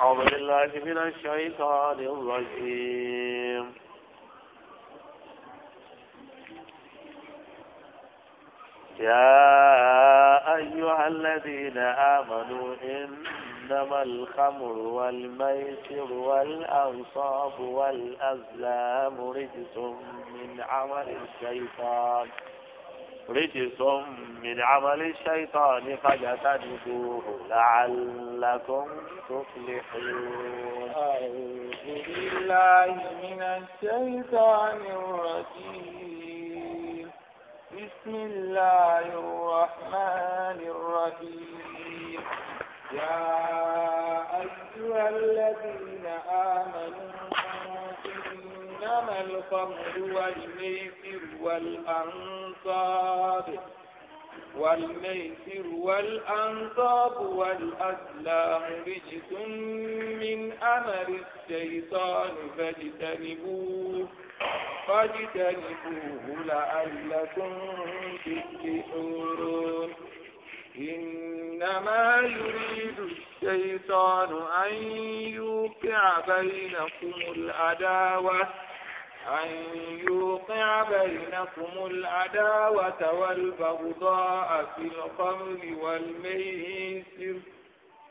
أعوذ بالله من الشيطان الرجيم يا أيها الذين آمنوا إنما الخمر والميسر والأنصاب والأزلام رجس من عمل الشيطان رجس من عمل الشيطان فجتنبوه لعلكم تفلحون أعوذ بالله من الشيطان الرجيم بسم الله الرحمن الرحيم يا أيها الذين آمنوا إنما الخمر والميسر والأنصاب والميسر والأنصاب والأسلام رجس من أمر الشيطان فاجتنبوه فاجتنبوه لعلكم تفلحون إنما يريد الشيطان أن يوقع بينكم العداوة أن يوقع بينكم العداوة والبغضاء في الخمر والميسر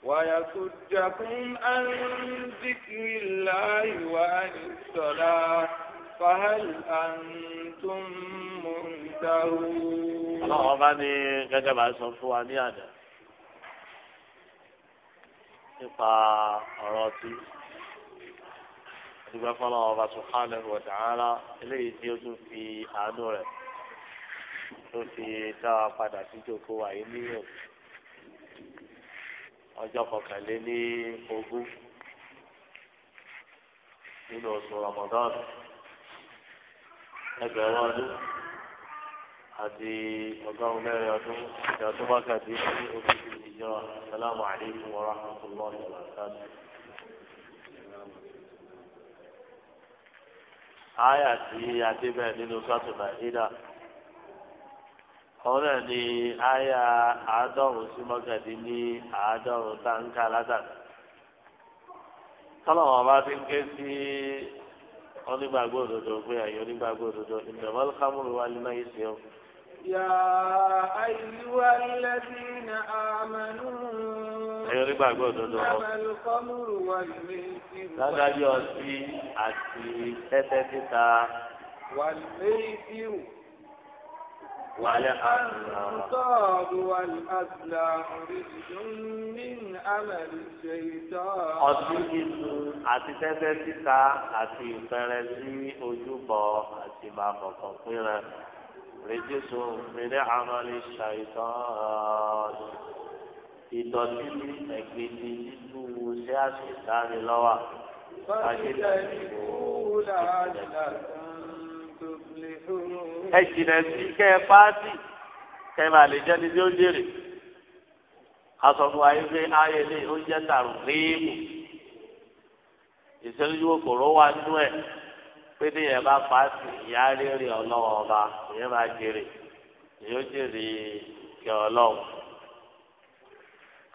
ويصدكم عن ذكر الله وعن الصلاة فهل أنتم منتهون الله أبا dúpẹ́ fọlọ́ ọba subhanahu wa ta'ala eléyìí tí ó tún fi àánú rẹ̀ tó fi dá wa padà sí jòkó àyè níyàn ọjọ́ kọkànléní ogún nínú oṣù Ramadan ẹgbẹ̀rún ọdún àti ọgọ́rùn-ún ọdún àti ọdún wákàtí ní oṣù ìjọ asalaamualeykum wa rahmatulahi wa barakatuh. àyà tí adé bẹ́ẹ̀ nínú sọ́tò nàìjíríà òun náà ni àyà àádọ́rùn sí mọ́kàndín ní àádọ́rùn táǹkà látàkì tọ́lọ́wọ́n bá ti ń ké sí onígbàgbọ́ òdodo pé àyè onígbàgbọ́ òdodo ìdọ̀bọ́lù kámúrú wa ní náà yìí sí ọ́. يا أيها الذين آمنوا إنما الخمر والميسر dájú ọtí àti tẹ́tẹ́ títa. والميسر والأنصاب والأزلام رجل من عمل الشيطان. ọtí ìlú àti tẹ́tẹ́ títa àti ìfẹ́rẹ́ sí ojúbọ àti bàbọ̀ رجس من عمل الشيطان ìdọ̀tí ní ẹ̀gbẹ́ ti nínú ṣé àṣìṣàrí lọ́wọ́ ẹ jìnà sí kẹ́ ẹ pààtì kẹ́ ẹ máa lè jẹ́ ní tí ó jèrè asọ̀fún wa yìí ó jẹ́ tàrú ríìmù ìṣẹ́lú yóò kòró wá nú ẹ̀ pé bí yẹn bá pa sí ìyá rírì ọlọ́wọ́ ọba ìyẹn máa jèrè yóò jèrè kẹ ọlọ́wọ́.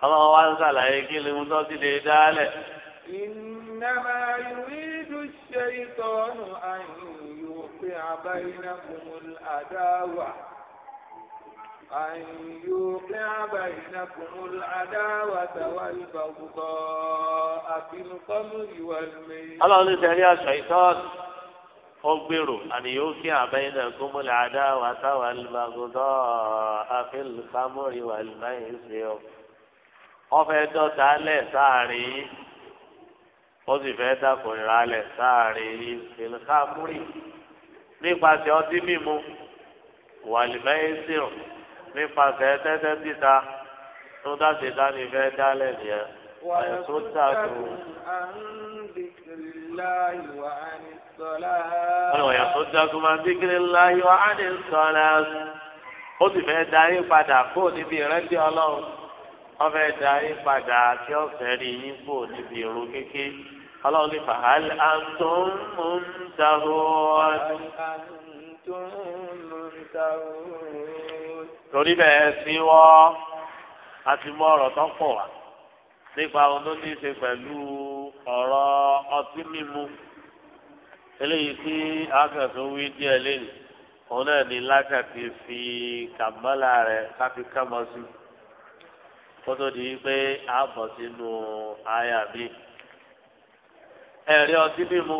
ọlọ́wọ́ wa ń sàlàyé kí ni mo tọ́sí lè dálẹ̀. ìnáma yuridu ṣaitanu an yuqi'a bainakumul adawa. أن يوقع بينكم العداوة والبغضاء في الخمر والميسر. الله لسهل يا شيطان ọgbèrò àníyó kí àbẹ́yìnà gómìnà adáwà táwà lùbàgùdọ́ àfẹ́lùkámọ́rì wà lùmáyìn ṣe ọ. wọ́n fẹ́ dọ́ta lẹ̀ sáàrin yìí wọ́n sì fẹ́ dàkùnrin alẹ̀ sáàrin yìí fẹ́lùkámọ́rì nípasẹ̀ ọtí mímu wà lùmáyìn ṣe ọ nípasẹ̀ tẹ́tẹ́ títa tó dáṣe dání fẹ́ dálẹ̀ nìyẹn. wàá tó dàdú wọ́n wọ̀nyà tó dákú máa ń dígírí láyé wá á ní sọ́lá ó sì fẹ́ darí padà kó níbi ìrántí ọlọ́run wọ́n fẹ́ darí padà kí ọ̀fẹ́ rí yín kó níbi ìrun kéke ọlọ́run ní fàhálì àtún mú ń darú ọdún. torí bẹ́ẹ̀ sí wọ́n a ti mú ọ̀rọ̀ tó pọ̀ wá nípa ohun tó ní í ṣe pẹ̀lú. ọ̀rọ̀ ọtí mímu eléyìí tí akẹ́kọ̀ọ́ wí díẹ̀ lẹ́yìn òun náà ní lákàtí fi kàmọ́là rẹ̀ káfí kámọ́ sí kótó di pé a bọ̀ sínú àyà mi ẹ̀rí ọtí mímu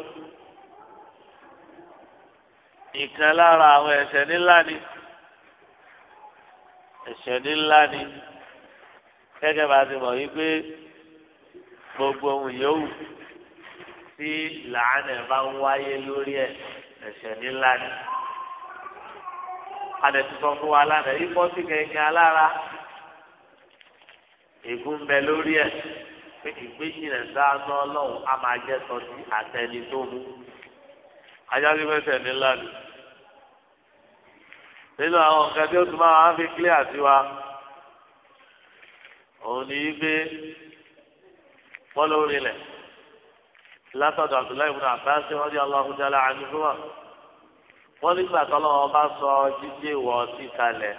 ìkan lára àwọn ẹ̀ṣẹ̀ nílá ni ẹ̀ṣẹ̀ nílá ni gẹ́gẹ́ bá ti mọ̀ yí pé. gbogbo ohun yòówù tí làánà bá ń wáyé lórí ẹ ẹ̀ṣẹ̀ ńlá ni adẹ̀tutọ́ fún wa lánàá ikọ́ sí kẹ̀kẹ́ alára ègún bẹ lórí ẹ pé ìgbéjìnà sáánà ọlọ́run á máa jẹ́ sọtí àtẹni tó mú ajásí fẹsẹ̀ ńlá ni nínú àwọn nǹkan tí ó tún máa ń fi kílíà sí wa òun ni yí fọlọ́wọ́rì lẹ̀ látọ̀dọ̀ abdullahi ibn abbas radiyallahu ta'ala anhu wọ́n nígbà tọ́lọ́wọ́ bá sọ jíjẹ́ ìwọ̀ ọtí kalẹ̀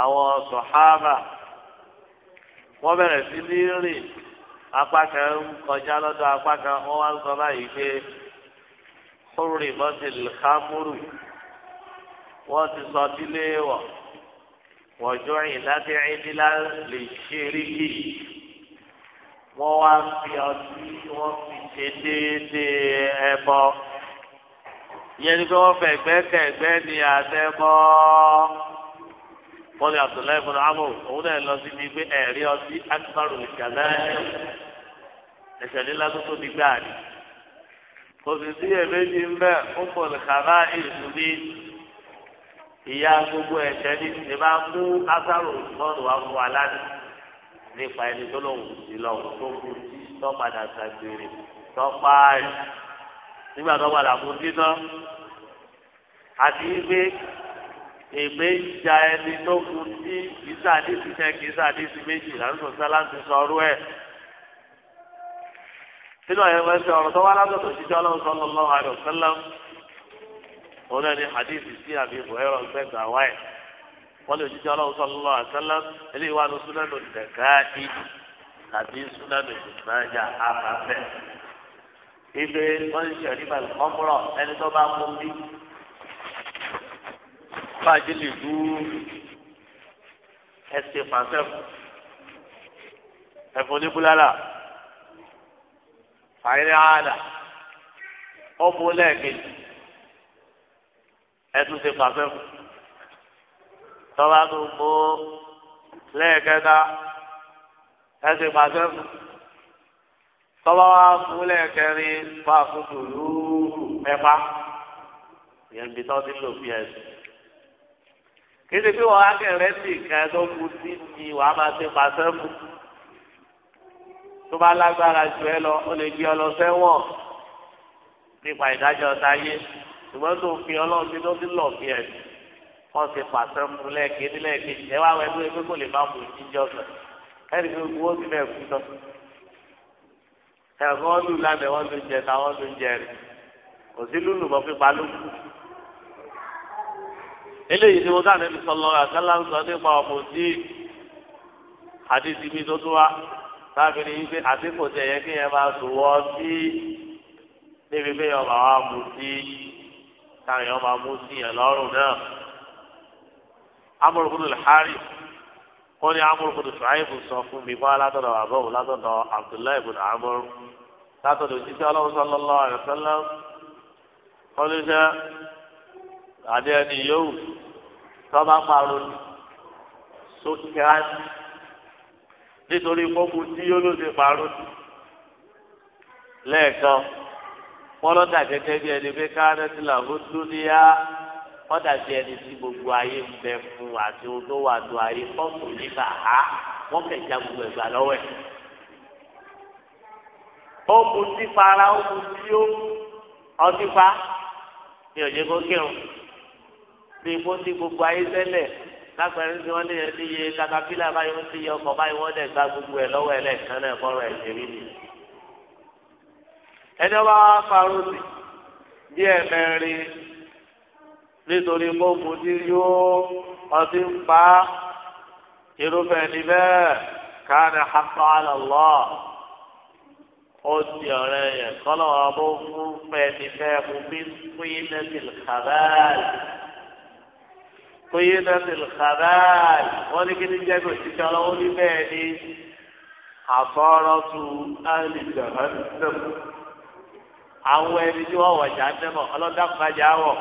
àwọn sọ̀hábà wọ́n bẹ̀rẹ̀ sí ní rìn apá kan ń kọjá lọ́dọ̀ apá kan wọ́n wá ń sọ báyìí pé kúrì mọ́tì lùkámúrù wọ́n ti sọ sílé wọ̀ wọ́jọ́ ìdákẹ́rẹ́ nílá lè ṣe rí kì wọ́n wá ń fi ọtí wọ́n fi ṣe déédéé ẹbọ ìyẹn ni pé wọ́n fẹ́ gbẹ́kẹ̀gbẹ́ ni àtẹ́bọ́ wọ́n ní Abdullahi ibùdó amò òun náà lọ síbi pé ẹ̀rí ọtí akíbarò ìjàlá ẹ̀ṣẹ̀ nílá tó tóbi gbáà ni kò sì sí èméjì ń bẹ́ẹ̀ ó pọ̀ lùkàrà ìlú bíi ìyá gbogbo ẹ̀ṣẹ̀ ní ìbá mú asárò ìmọ̀ràn wa fún wa lánàá nípa ẹni tó lòun sí lọ́wọ́ tó kú tó padà sàgbèrè tó pààyàn nígbà tó padà kú títọ́ àti wípé ègbé ja ẹni tó kú tí kìsà dísì náà kìsà dísì méjì lásìkò sálá ti sọ ọrú ẹ̀ nínú àyẹ̀wò ẹsẹ̀ ọ̀rọ̀ tó wá látọ̀tọ̀ jíjẹ́ ọlọ́run sọ́lọ́lọ́run àdùnsẹ́lẹ̀ òun náà ní hadith sí àbí ìbò ẹ̀rọ ń wáyé wọ́n lè jíjẹ́ ọlọ́run sọ́lọ́ àkálá eléyìí wà ló súnánù dẹ̀káàdì tàbí súnánù ìgbàjà àbáfẹ́. ibi wọ́n ń ṣe nípa ọmọrọ̀ ẹni tó bá mú bí. fàájì lè dú ẹsẹ̀ fàṣẹ ẹ̀fọn oníbúlára fàyẹ̀rẹ̀ àádà ọ̀bùn lẹ́ẹ̀kejì ẹ̀tún ṣe fàṣẹ fún tọ́ba tó gbó lẹ́ẹ̀kẹta ẹsẹ̀ pàṣẹ fún tọ́ba wa fún lẹ́ẹ̀kẹrin fún àkókò lóòrù ẹ̀fà ìyẹn bí tọ́ ti lò fi ẹ̀sìn kéde pé wọ́n á kẹ̀rẹ́ sí nǹkan tó kú sí ni wàá máa ṣe pàṣẹ fún tó bá lágbára jù ẹ lọ ó lè gbé ọ lọ sẹ́wọ̀n nípa ìdájọ́ ọ̀tá ṣùgbọ́n tó fi ọlọ́run tó ti lọ̀ fi ẹ̀sìn wọn ti pàṣẹ fún lẹ́ẹ̀kejì lẹ́ẹ̀kejì ẹ wá wẹ́ẹ́ pé kò lè má mú ìdíjọ́ sọ ẹni pé owó ti bẹ̀ kú tán ẹ̀gbọ́n lù lánàá wọ́n ló ń jẹ táwọn ló ń jẹ rẹ̀ kò sí lùlù mọ́ pípa ló kù. eléyìí ni mo dáná ẹni sọ lọ àgálà ń sọ nípa ọmọ òdì àdìsí mi tó tó wá láàbí ni wípé àti kò tẹ̀yẹ kí yẹn máa sùn wọ́ sí níbi pé ọmọ àwọn amòtí táwọn èèyàn máa mú sí yẹn lọ́rùn náà amúrúkúndù lẹ́hárì wọ́n ní amúrúkúndù sàáyìbù sọ fún mi bá látọ̀dọ̀ àbọ̀wò látọ̀dọ̀ abdullahi ibùdó amúrú látọ̀dọ̀ òṣìṣẹ́ ọlọ́run sallallahu alaihi wasallam wọ́n ní sẹ́ àdé ẹni yòówù tó bá parọ́ sókè á nítorí kókó tí yóò ló ti parọ́ lẹ́ẹ̀kan wọ́n gẹ́gẹ́ bí ẹni pé káàdẹ́sì làwọn dúníyà kọ́dà bí ẹni tí gbogbo ayé ń bẹ fún àti ohun tó wà tó ayé pọ́ǹpù nígbà á wọ́n kẹ̀já gbogbo ẹ̀gbà lọ́wọ́ ẹ̀. ó mu tí fara ó mu tí ó ọtí fa ní òye kó kírun bí ikú tí gbogbo ayé tẹ́lẹ̀ lápẹ̀rẹ̀ tí wọ́n lè yẹ ti yẹ katapila báyìí wọ́n ti yẹ ọkọ̀ báyìí wọ́n dẹ̀ gba gbogbo ẹ̀ lọ́wọ́ ẹ̀ lẹ́ẹ̀kan náà fọ́rọ̀ ẹ̀ ṣe rí ni. ẹni ọba wa fa rúbì bí ẹ̀mẹrin nítorí kó mutí yó ọtí ń pa irúfẹ́ ni bẹ́ẹ̀ káàdì haqqa ala Allah ó di ọ̀rẹ́ yẹn kọ́lọ̀ ọmọ fún fẹ́ni bẹ́ẹ̀ mú bí fúyín lẹ́sìn kàbáàlì fúyín lẹ́sìn kàbáàlì wọ́n ní kí ni jẹ́gò títí ọlọ́wọ́ ní bẹ́ẹ̀ ni àfọ́rọ́tù áìlì jahannam àwọn ẹni tí wọ́n wọ̀ jáde mọ́ ọlọ́dàkùnrin ajá wọ̀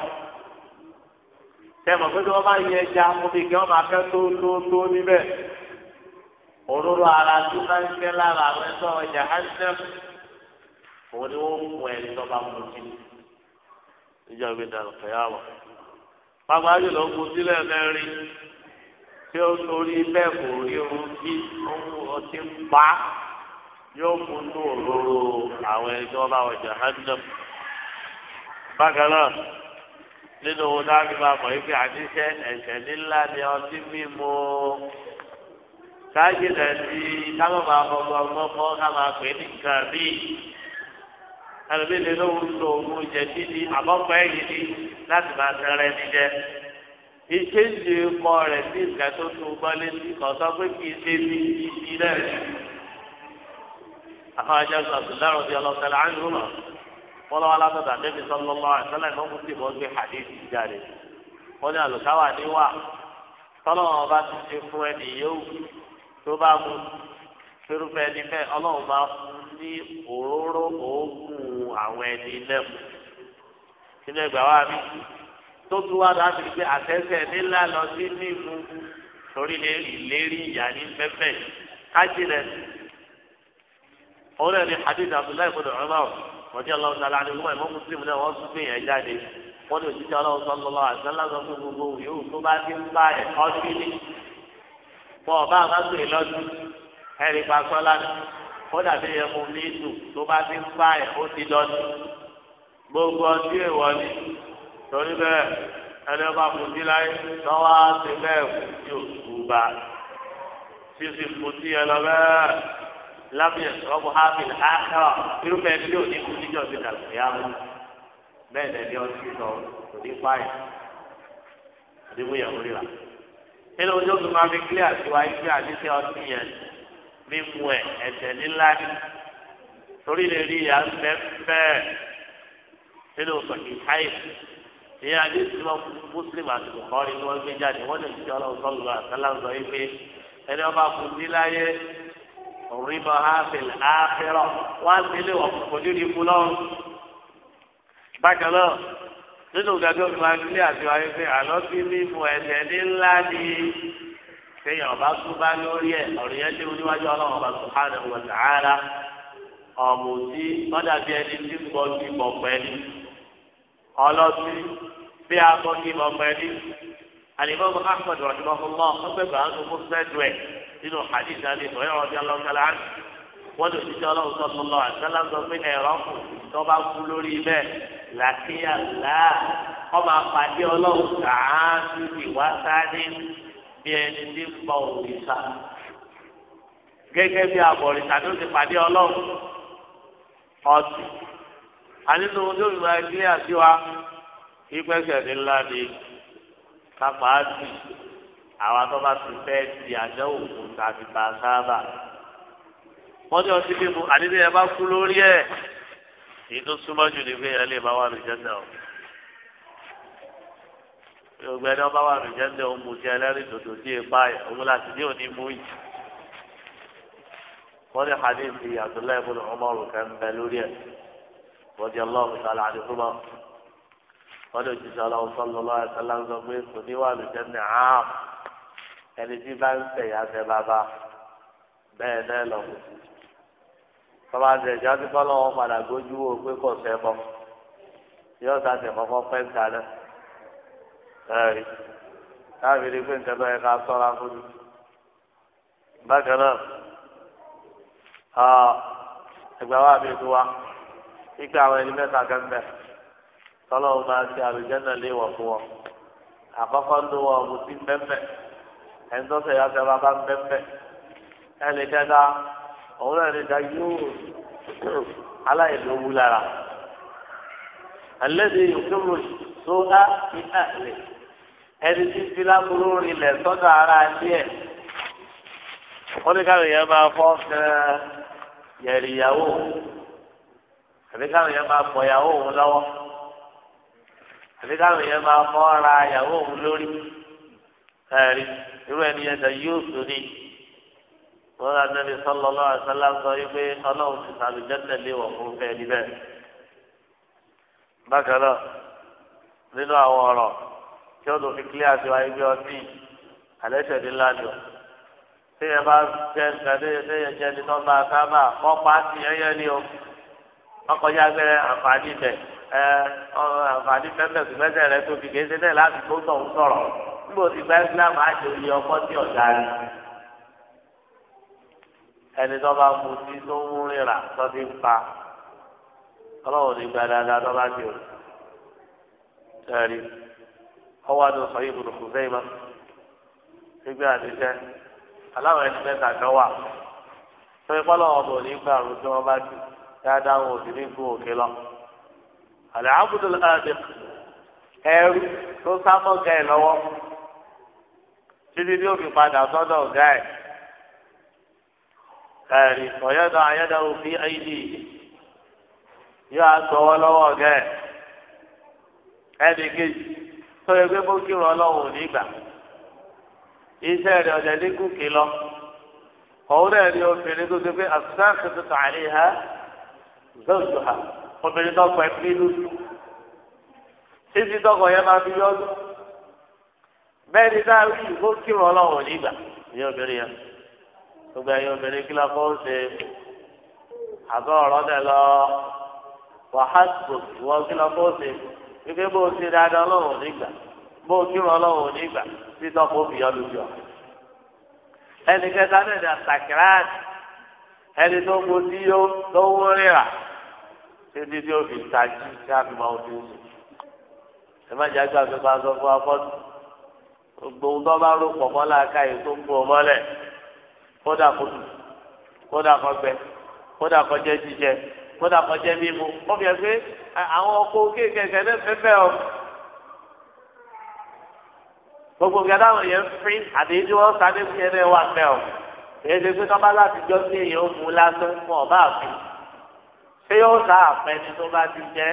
tẹ́mọ̀ pé tí wọ́n bá yẹ ẹja omi kí wọ́n máa tó tó tó níbẹ̀ òróró ara tó bá ń fẹ́ lára àwọn ẹ̀sọ́ ọjà hansen òun ni wọ́n mú ẹni tó bá mú sí níjà gbé dàrú fẹ́yàwó pàápàá jùlọ kú sílẹ̀ mẹ́rin tí ó torí bẹ́ẹ̀ kò rí ohun tí ó ti ń pa yóò mú inú òróró àwọn ẹni tó bá ọjà hansen bákan náà nínú owó dábì bá mọ̀ yìí pé àdíṣe ẹ̀ṣẹ̀ nílá ni ọtí mímu káyé lẹ̀ sí káwọn máa fọmọ ọmọ fọ́ ká máa pè ní nǹkan bíi ẹlòmíì lè lówó lo òun jẹ títí àbọ̀pọ̀ ẹ̀yìn ni láti máa tẹ̀rẹ̀ ní jẹ. iṣẹ́ ìṣe kọ rẹ̀ sí ìgbà tó tún gbọ́ létí kò sọ pé kì í ṣe bí ibi náà. àwọn ajá sọ̀tún láròbí ọlọ́sẹ̀ láàrin rúmọ̀ fọlọ́wọ́ alátọ́tà débi sọlọ́lọ́ àṣẹlẹ̀ tó kù sí ìbọn gbé hadith jáde wọ́n ní àlùkáwà níwà tọ́lọ́wọ́ bá ti ṣe fún ẹni yóò tó bá mu fẹ́rùfẹ́ ẹni bẹ́ẹ̀ ọlọ́run máa fún ní òróró òògùn àwọn ẹni lẹ́mu nínú ẹgbàá wa mi tó tún wá láti rí pé àtẹ́sẹ̀ nílá lọ sí mímu torí lè lérí ìyá ní pẹ́pẹ́ kájílẹ̀ òun ni hadith Abdullahi ibn Umar wọ́n yọ lọ́wọ́ sọ̀rọ̀ àdìgún ẹ̀mọ́ mùsùlùmí náà wọ́n sún fìyàn jáde wọ́n ní òṣìṣẹ́ ọlọ́wọ́ sọ̀rọ̀ lọ́wọ́ àṣálà sọ fún gbogbo yòówù tó bá ti ń bá ẹ̀kọ́ sí ni bọ́ ọba àbáṣe lọ́dún ẹ̀rí pasọ́lá ó dàbí ẹmu níìtù tó bá ti ń bá ẹ̀ ó ti lọ́dún gbogbo ọdún èèwọ̀ ni torí bẹ́ẹ̀ ẹni ọba kùtì láyé lọ́wọ́ á ti bẹ́ẹ̀ kùtì lábẹ́ ọ̀bù hábìlì ákàrà irúfẹ́ bí ó ní kúndíjọ́ ti dàgbà yá mú bẹ́ẹ̀ lẹ́ni ọtí sọ kò ní fáyì àdébò yàwó rírà. nínú ojú tó máa fi kílíà sí wa ibi àdíṣe ọtí yẹn mímu ẹ̀ ẹ̀sẹ̀ nílá ni torí lè rí ìyá ńlẹ̀ bẹ́ẹ̀ nínú sọ̀kì káyì ní àdíṣe wọn mùsùlùmí àti bùkọ́rí ni wọ́n gbé jáde wọ́n lè fi ọlọ́run sọ́lù àtàlà ń sọ yìí pé ẹni ọba kùn níláyé rìbọ àfẹlẹ àfẹrọ wọn á sílé wọn kojú ní ikú lọ́rùn. bákan náà nínú ìdájọ́ mi máa ń lé àti wáyé pé àlọ́ bí mímu ẹ̀ṣẹ̀ ní ńlá ni kéèyàn bá tún bá lórí ẹ̀ ọ̀rọ̀ yẹn léwu níwájú ọlọ́run ọba subhanahu wa ta'ala ọ̀mù tí ọ̀dà bí ẹni tí ń bọ́ sí bọ̀pẹ́ ni ọlọ́sí bí a bọ́ sí bọ̀pẹ́ ni àlìmọ́ Ahmad rahimahullah ọgbẹ́gbàá ló mú sẹ́dùẹ̀ nínú hadith àti ìtọ́jú ọ̀rọ̀ ọ̀dí ọlọ́ọ̀tàlá wọ́n lè ṣiṣẹ́ ọlọ́run sọ́tún lọ àtàlà sọ pé ẹ̀rọ kù tó bá kú lórí bẹ́ẹ̀ làkíyà là wọ́n máa pàdé ọlọ́run sàánú ìwà sáré bí ẹni tí ń pa òrìṣà gẹ́gẹ́ bí abọ̀rìṣà tó ti pàdé ọlọ́run ọtí ànínú olórí máa gbé àti wa ìgbésẹ̀ ńlá ni kápá á ti àwa tó bá ti fẹ́ di àdéhùn fún tàbí bá a sábà wọ́n ní ọtí mímu àdídé ẹ bá kú lórí ẹ̀ èyí tó súnmọ́ jù ní pé ẹ lè bá wà lù jẹ́ndẹ̀ o gbogbo ẹni ọba wà lù jẹ́ndẹ̀ o mú ti ẹlẹ́rìí dòdò sí ipa ẹ̀ òun láti ní òní mú yìí wọ́n ní hadithi Abdullahi ibn Umar kan bẹ lórí ẹ̀ radiyallahu ta'ala anhuma wọ́n ní òjijì aláwọ̀ sọ́lọ́lá ẹ̀ sọ́lá ń sọ pé kò ní wà lù jẹ́ndẹ̀ áàpù ẹni tí bá ń tẹ̀ yá fẹ́ bàbá bẹ́ẹ̀ náà lọ. bàbá àti ẹ̀jọ́ ti kọ́ lọ́wọ́ padà gbójú wo pé kò sẹ́ bọ́ yóò sá tẹ̀ kọ́kọ́ pẹ́ńtà náà. ẹ̀rí káàbí ni pé nǹkan tó yẹ ká sọ́ra fún mi. bákan náà ẹgbẹ́ wa mi tó wa ikpe àwọn ẹni mẹ́ta gẹ́gẹ́ tọ́lọ́wọ́ máa ti àlùjẹ́ náà léwọ̀ fún wọn àkọ́kọ́ ń lo wọn ọ̀mùtí mẹ́mẹ́ ẹni tó sẹ̀yà sẹ́ bàbá ń bẹ́ẹ̀ ẹni kẹta òun náà ní ta yóò aláìlówó lára ẹlẹ́dẹ̀ yòókù sódà ti àlè ẹni tí ti lábúrú rinlẹ̀ sọ́dọ̀ ara díẹ̀ wọ́n ní káwọn èèyàn máa fọ́ kẹ́ẹ́ yẹ̀rì ìyàwó àbí káwọn èèyàn máa bọ̀ ìyàwó òun lọ́wọ́ àbí káwọn máa mọ́ ra ìyàwó òun lórí ẹ̀rí irú ẹni yẹn dà yóò sọ ni wọn rà nàbí sọlọlọ àṣàlá sọ yìí pé Ọlọ́run ti sàlù jẹtẹlé wọn fún bẹ́ẹ̀ níbẹ̀ bákan náà nínú àwọn ọ̀rọ̀ tí ó tó fi kílíà sí wa ibi ọtí alẹ́ tẹ̀lé lánàá téèyàn bá jẹ nǹkan téèyàn jẹ ní nọ́mbà sábà kọ́pá sí ẹyẹ ni o ọkọjá gbẹrẹ àǹfààní bẹ ẹ àǹfààní bẹ bẹ sí mẹsẹ rẹ tóbi kéde náà láti tó tọ̀ ń sọ̀rọ̀. nígbà tí gba islam àjò yẹ ọkọ tí ọ̀dà rẹ̀ ẹni tó bá mu tí tó ń tó ti ń pa ọlọ́run ní gba tó bá ti ẹ̀rí ọwọ́ àti sọ yìí bùrùkù sẹ́yìn mọ́ gbígbé àtijọ́ aláwọ̀ ẹni mẹ́ta kan wà tó ipá lọ́wọ́ bò ní gbà rú tí wọ́n bá ti dáadáa wọn ò sì ní òkè lọ. àlẹ́ àbùdó títí tí ó fi padà sọ́dọ̀ ọ̀gá ẹ̀ ẹ̀rì ọ̀yẹ́dọ̀ ayẹ́dọ̀ òfin ayídì yóò agbọ́wọ́ lọ́wọ́ ọ̀gá ẹ̀ ẹnì kejì tó yẹ pé bókì rọ ọlọ́run nígbà iṣẹ́ rẹ̀ ọ̀dẹ̀ ní kùkì lọ ọ̀hún náà ni obìnrin tó ti pé àtúntàkì tó tààrí ha zọ́ọ̀tù ha obìnrin tó kọ ẹ̀ pínlú títí tọkọ yẹn máa fi yọ́ ọdún bẹ́ẹ̀ ni sáà wí ìbò kírun ọlọ́run nígbà ní obìnrin yẹn gbogbo ẹ̀yin obìnrin kí lọ́kọ́ ó ṣe àbọ̀ ọ̀rọ̀ dẹ̀ lọ wàhásù ìwọ kí lọ́kọ́ ó ṣe wípé bó o ṣe dáadáa ọlọ́run nígbà bó o kírun ọlọ́run nígbà títọ́ kó fi yọ lójú ọ. ẹnì kẹta náà dà sàkíráàtì ẹni tó kó tí yó tó wó rírà títí tí ó fi tají kí á fi máa ń sùn. ẹ má jẹ́ àgbà fipá sọ fún apọ́tù gbogbo ohun tó bá rò pọ̀ mọ́lá ká yìí tó ń bu ọmọlẹ̀ kódà kó kódà kó kódà kó jíjẹ kódà kó mímu ó fi hàn pé àwọn ọkọ kéékèèké náà fẹ́fẹ́ o gbogbo nǹkan táwọn yẹn fi àti tí wọ́n sáré fún yẹn náà wà fẹ́ o èyí ti pé tọ́ba láti jọ sí èyí ó mú lásán fún ọba àfin ṣé yóò sá àfẹ́ni tó bá ti jẹ́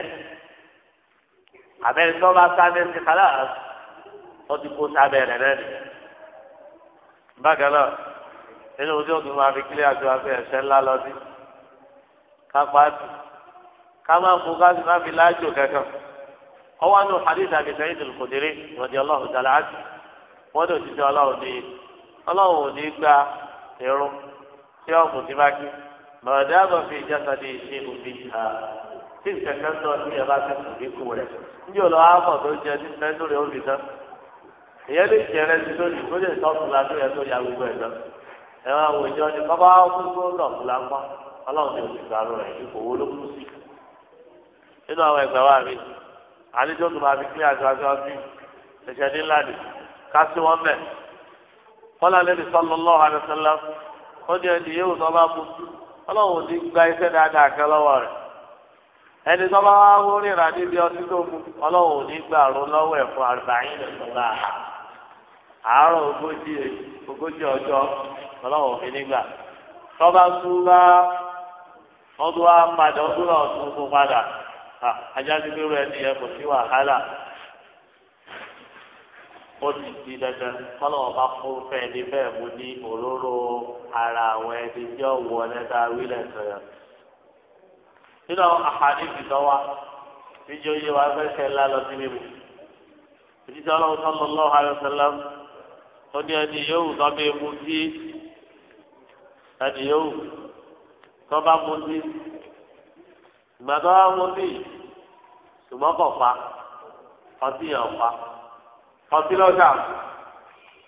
àbẹ́ni wọ́n ti kó sábẹ́ rẹ̀ náà nìyẹn. bákan náà nínú ojú òkú máa fi kílẹ̀ àti wàá fi ẹ̀ṣẹ̀ ńlá lọ sí kápá tù ká máa mú ká sì máa fi láàjò kankan. ọwọ́ àánú hadith àbí sẹ́yìn tó kò déré ìrọ̀dí ọlọ́run dàlá àti wọ́n tó jíjẹ́ ọlọ́run ní ọlọ́run ò ní gba irun tí ọ̀pù ti bá kí mọ̀ọ́dá bọ̀ fi jáde ṣe òbí ha tí ìkẹ̀kẹ́ sọ ní ẹ̀ bá ti kù ní kù rẹ̀ ní èyàn lè jẹ rẹ tó ní kó lè sọ fúnra tó yẹ tó ya gbogbo ẹ lọ ẹ máa wò jọ ní kọ́ bá gbogbo lọ fúnra pa ọlọ́run ní oṣù gbàrú rẹ ipò wo ló kú sí. nínú àwọn ẹgbẹ́ wa mi àlejò tó máa fi kílíà tó aṣọ sí ẹ̀ṣẹ̀ nílá ni ká sí wọn bẹ̀. kọ́lá lẹ́nu sọ́lọ́ lọ́wọ́ ẹni tó bá wá wó ríra níbi ọtí tó mú ọlọ́run ní gbàrú lọ́wọ́ ẹ̀fọ́ àrùbáyìn lọ́wọ́ àhà àárọ̀ ogójì ogójì ọjọ́ ọlọ́wọ́ òfin nígbà tọ́ba túbá ọdún wa padà ọdún náà tún fún padà ajá ti gbérú ẹni kò sí wàhálà ó sì di dandan kọ́lọ́wọ́ bá fún fẹ́ẹ́ ní bẹ́ẹ̀ mú ní òróró ara àwọn ẹni tí ó wọ lẹ́ta wílẹ̀ sọ̀rọ̀ nínú àwọn ìdánwà níjẹ́ oyé wa fẹ́ sẹ́ ńlá sí mímu ìdíjọ́ ọlọ́run sọ́lọ́ lọ́wọ́ àyọ̀sẹ́lẹ́mù. ó ẹni yòówù tó bá ẹni yòówù tó bá mu tí pa ọtí pa ọtí lọ́jà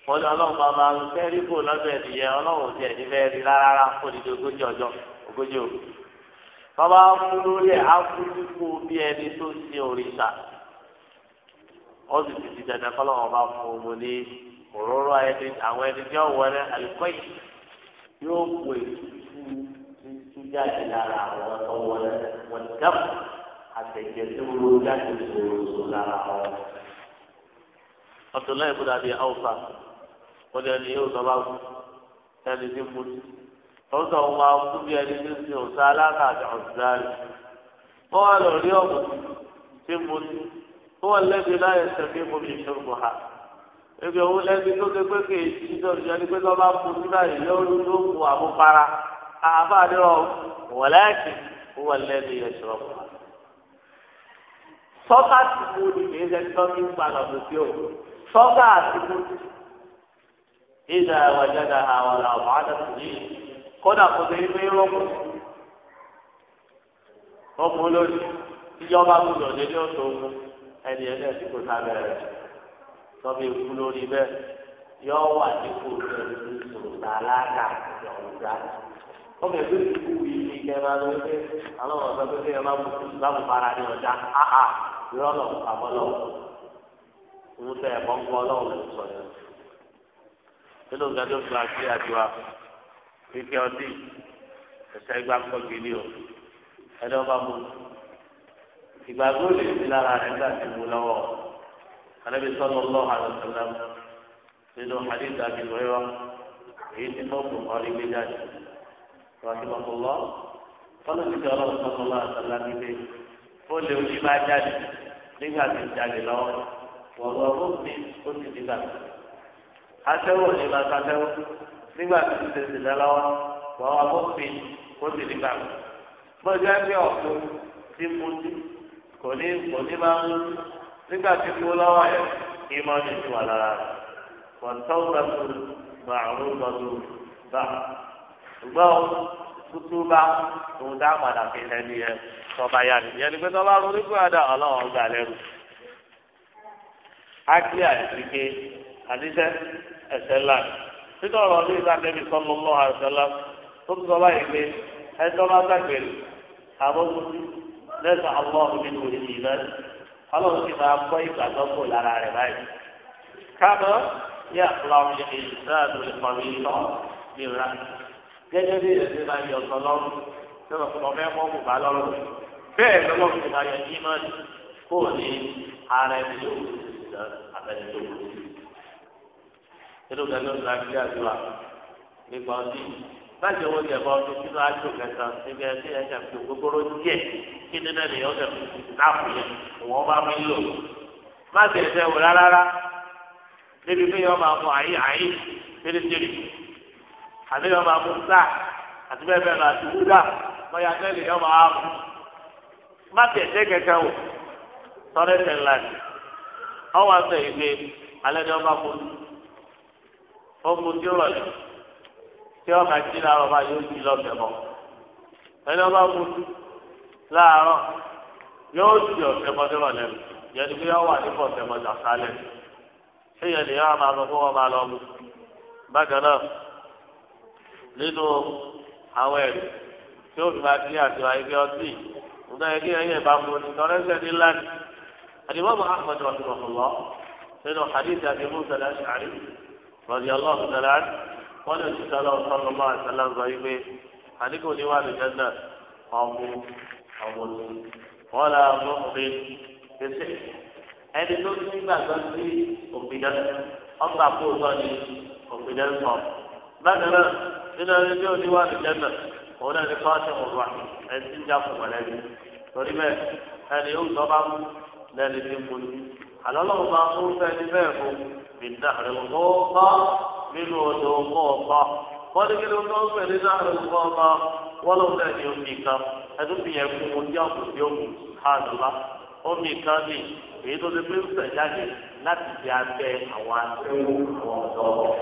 wọ́n ní ọlọ́run bá máa ń fẹ́rí kó lọ́dọ̀ ẹ̀dìyẹ ọlọ́run ti ẹ̀dí fẹ́ rí rárá kó di ogójì ọjọ́ ogójì òru. bàbá fún lórí ẹ̀ bí ẹni tó òrìṣà sì ti òróró ẹni àwọn ẹni tí wọ́n wọlé àlùkò yìí yóò pò ètùtù jáde lára àwọn tó wọlé wọn dáàbò àtẹ̀jẹ́ tó wọlé jáde lóòótọ́ lára wọn. ọ̀tún lẹ́yìn kúndà bíi alfa ó lé ẹni yóò sọ́ba kú ẹni tí mo ti tọ́sọ̀ ń wá kú bí ẹni tí ń sin òsá alákàtà ọ̀sán rẹ̀ bọ́ọ̀lù rí ọ̀gbìn tí mo ti bọ́ọ̀lù lẹ́bi láyé sẹ́fí mo fi ṣe ògùn ha. ebi owó lẹ́bi tó ṣe pé kì í ṣí tó ṣe ẹni pé tó fún báyìí ló àbá àdúrà ti mú tó ní o sọ́kà ti mú ni ìdá ìwàjáda àwọn ọ̀làwọ̀ àdàtúndì kódà kò sí ife rọ́pò rọ́pò lórí ìjọba gbọdọ̀ nínú ọ̀tọ̀ ogun ẹni tọ́bi ikú lórí bẹ́ẹ̀ yọ wà dípò pẹ̀lú sòròtà alága ìyọ̀ǹda. wọ́n bẹ̀ bí ikú yìí ní kẹ́ máa lọ pé àwọn ọ̀sán pé kí ẹ máa bù láàbù para ní ọjà áhà ìrọ̀lọ̀ àbọ̀lọ̀ ń tẹ ẹ̀kọ́ ń kọ́ ọlọ́run ló sọ yẹn. nínú gẹ́gẹ́ bí wàá sí àdúrà kíkẹ́ ọtí ẹ̀sẹ̀ ìgbà kọ́kì o ẹ̀dọ́ bá mú ìgbàgbọ́ lè sí lára ẹ̀dá ti mú lọ́wọ́. النبي صلى الله عليه وسلم nínú hadith àti ìwéwà èyí tí mọ́ bùkọ́rí gbé jáde rahimahullah fọlọ́ ti di ọlọ́run sọ́kọ́lá àtàlá nílé ó lè ojú bá jáde nígbà tí ń jáde lọ́wọ́ wọ̀wọ́ ó fi ó sì nígbà tí aṣẹ́wó ní ma ṣaṣẹ́wó nígbà tí ń tẹ̀sí lọ́wọ́ wọ̀wọ́ ó fi ó sì nígbà tí bọ́jú ẹgbẹ́ ọ̀tún ti mú sí kò ní kò ní máa ń nígbà tí kú lọ́wọ́ ẹ̀ kí máa ní ìwà lára rẹ̀ kọ̀ńtọ́wùrọ̀ tó màrún lọ́dún bá ṣùgbọ́n tútú bá tó dá padà fi ẹni yẹ tọba yá ni ìyẹn ni pé tọ́ba ronú kó àdá ọlọ́run gbà lẹ́rù. ákí àìsíké àdíṣẹ́ ẹ̀sẹ̀ ńlá nínú ọ̀rọ̀ ní ìgbà tẹ́bi sọ́mọ mọ́ àṣẹlá tó ń sọ báyìí pé ẹjọ́ bá gbàgbé àbọ̀kùnrin lẹ́sàn-án mọ́ nínú ìlú ọlọ́run sì máa kọ́ ìgbàgbọ́ kò lára rẹ̀ báyìí. kábọ̀ ní àfúláwọ̀ ní ìsáàdù ìkọ̀wé lọ ní ìlà gẹ́gẹ́ bí ẹ̀sìn máa yọ ọ̀sán lọ́rùn tí wọ́n fọ́ fẹ́ mọ́ bùbá lọ́rùn bẹ́ẹ̀ lọ́lọ́run sì máa yọ ìmọ̀ọ́nì kò ní ara ẹni tó kù sí tó kù sí. nínú gẹ́gẹ́ bí wọ́n ti báyìí owó jẹ bọ ọdún sínú ajo kẹta níbi ẹsẹ ẹsẹ fi gbogbooro díẹ̀ kí nínú ẹni yọ ọdẹ náàfù yẹn òun bá mi lò má sì ẹsẹ wò rárá níbi pé yọ máa mú àyè àyè tẹ́lẹ̀tẹ́lẹ̀ àti yọ máa mú sá àti bẹ́ẹ̀ bẹ́ẹ̀ lọ àti wúdà mọ̀yà tẹ́lẹ̀ yọ máa mú má sì ẹsẹ kẹta wò sọ́rẹ́ tẹ̀lá ni ọwọ́ àti ẹ̀yìn pé alẹ́ ni wọ́n bá mú ó mú tí ó rọ̀ lẹ́yìn tí wọn máa jí láàárọ̀ bá yóò jí lọsẹ bọ ẹni wọn bá mú láàárọ̀ yóò jí ọsẹ bọ sí rọlẹ yẹn ni pé wọn wà nípa ọsẹ bọ jàkálẹ ṣé yẹn nìyẹn wọn máa lọ fún wọn máa lọ mú bákan náà nínú àwọn ẹrù tí ó fi máa kí àti wáyé bí ọtí nígbà yẹn kí yẹn yẹn bá mú ní tọrẹsẹ ní láti àdìmọ́ mọ́ àpọ̀jù ọ̀sùn ọ̀sùn lọ nínú hadith àti musa lẹ́sàárì rọ̀dí ọlọ́run tẹ̀lé wọ́n lè ṣiṣẹ́ lọ́wọ́ sọ́nù máa ṣẹlẹ̀ ń sọ yí pé àdínkù ní wà lójẹ́ náà ọmú ọmú ni wọ́n lọ mú òfin ṣẹṣẹ. ẹni tó ní gbàgbọ́ sí òfin náà ọgbà kó sọ ni òfin sọ. bákan náà nínú ẹni tí ó wà lójẹ́ náà òun náà ní kọ́ọ̀tù ọ̀rọ̀ ẹni tí ń jà fún mọ̀lẹ́bí. torí bẹ́ẹ̀ ẹni yóò sọ bá mú lẹ́ni tí ń mú ni. àlọ́ lọ́wọ́ máa mú fẹ́ni bẹ́ẹ̀ fún mi náà rẹ̀ nínú odò ọkọ ọkọ wọn ló ń tó ń pè nínú àrùn ọkọ ọkọ wọn ló ń tẹ̀ omi kan ẹdún fi yẹn fún ojú ọkọ tí ó kù káàdùlá omi kan ní èyí tó ti pín sẹ̀ jáde láti fi abẹ́ àwọn aṣẹ́wó àwọn ọ̀dọ́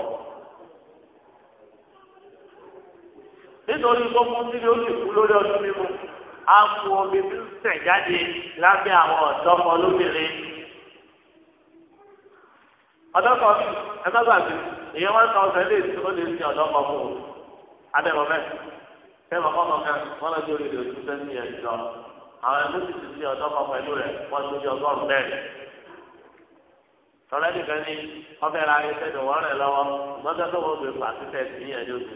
nítorí gbogbo tí ó lè kú lórí ọdún mímu á fún omi tí ń sẹ̀ jáde lábẹ́ àwọn ọ̀dọ́ ọmọ lóbìnrin ọ̀dọ́kọ̀ mi ẹ má èyí wọn kọ ọ̀sẹ̀ lé ìsìn ó ní ọ̀dọ́kọ̀ fún o adẹ́wọ̀ bẹ́ẹ̀ sẹ́wọ̀n kan wọ́n lọ sí orílẹ̀ ojú sẹ́ni ẹ̀ jọ àwọn ẹ̀mú ti ti sí ọ̀dọ́kọ̀ pẹ̀lú rẹ̀ wọ́n ti di ọgọ́rùn bẹ́ẹ̀ tọ́lá nìkan ní ọbẹ̀ ra ẹsẹ̀ tó wọ́n rẹ̀ lọ́wọ́ lọ́jọ́ tó wọ́n gbé pa títẹ̀ sí ẹ̀ lóṣù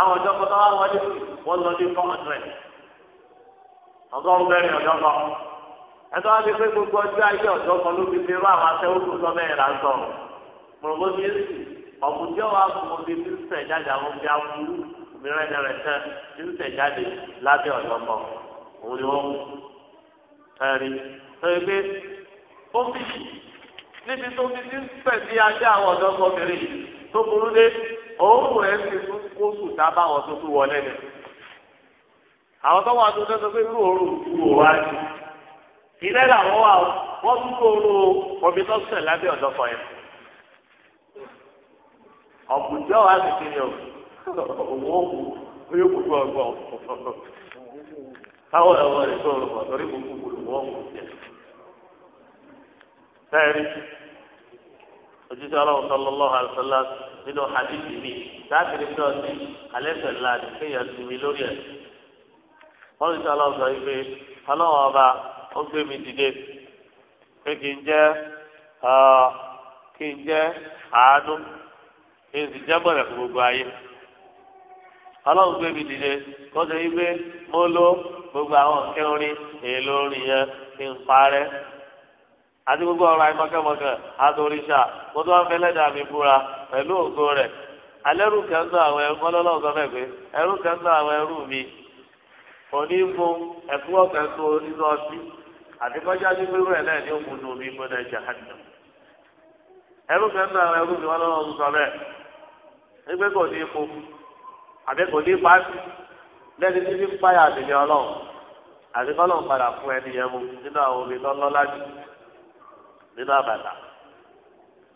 àwọn ọ̀dọ́kọ̀ tó wá wọlé wọ́n lọ sí fọ́ọ̀tù rẹ̀ ọgọ́rùn bẹ́ẹ̀ ni ọ̀dọ́kọ̀ ẹtọ́ wá fi pé gbogbo ọjọ́ ayé ọ̀dọ́ kan ló fi fi rú àwọn asẹ́wókù sọ bẹ́ẹ̀ là sọ mọ̀lọ́gbó ti ń sì ọ̀bùn tí ọwọ́ àbùkù fi fi jáde àwọn fi aburú mìíràn ní rẹ̀ tán fi jáde lábẹ́ ọ̀dọ́ kan òun ni wọ́n ẹ̀rí ẹ̀rí pé ó fi níbi tó fi ti sẹ̀ sí ajé àwọn ọ̀dọ́ kan kiri tó burú dé òun rẹ̀ ti fún kóṣù dábàá àwọn tó tún wọlé ni àwọn tó wà tó tẹ́ sọ pé irú òórùn kú òwá ni ilé làwọn wà ó wọ́n tún kóró omi tó sẹ̀ lábẹ́ ọ̀dọ́ kan yẹn ọ̀gbùnjọ́ wa sì kiri o òun ó kú ó yóò kúkú ọgbọ́n káwọn ẹ̀wọ̀n rẹ̀ sọ̀rọ̀ pọ̀ torí kò kúkú lòun ó kú jẹ. Bẹ́ẹ̀ni ojúṣe ọlọ́run sọ lọ́lọ́ àlùsọ́lá nínú hadithi mi dábìrì bí ọtí alẹ́ pẹ̀lú àdìsẹ́yà sí mi lórí ẹ̀. Wọ́n ti sọ ọlọ́run sọ wípé ọlọ́run ọba. ó gbé mi dìde pé kí n jẹ́ kí n àánú kí ayé ọlọ́run gbé dìde gbogbo àwọn nǹkan orin èèlò orin yẹn kí n parẹ́ àti gbogbo ọ̀rọ̀ àtòrìṣà mo fẹ́ pẹ̀lú ògo rẹ̀ kẹ́ńtọ́ àwọn ẹrú sọ fẹ́ pé ẹrú kẹ́ńtọ́ àwọn ẹrú mi òní fún àti kọjá sí pé wúrẹ̀ náà ní òkun ní omi gbọ́dọ̀ ẹ̀jẹ̀ àjọ. ẹrú fẹ́ẹ́ náà ẹrú mi wọn lọ́wọ́ ń sọ bẹ́ẹ̀ ẹgbẹ́ kò ní ipò àbí kò ní pàṣẹ lẹ́ni tí fi ń páyà àtẹ̀lé ọlọ́run àti kọ́lọ́run padà fún ẹni yẹn mu nínú àwọn omi lọ́lọ́ lájú nínú àbàtà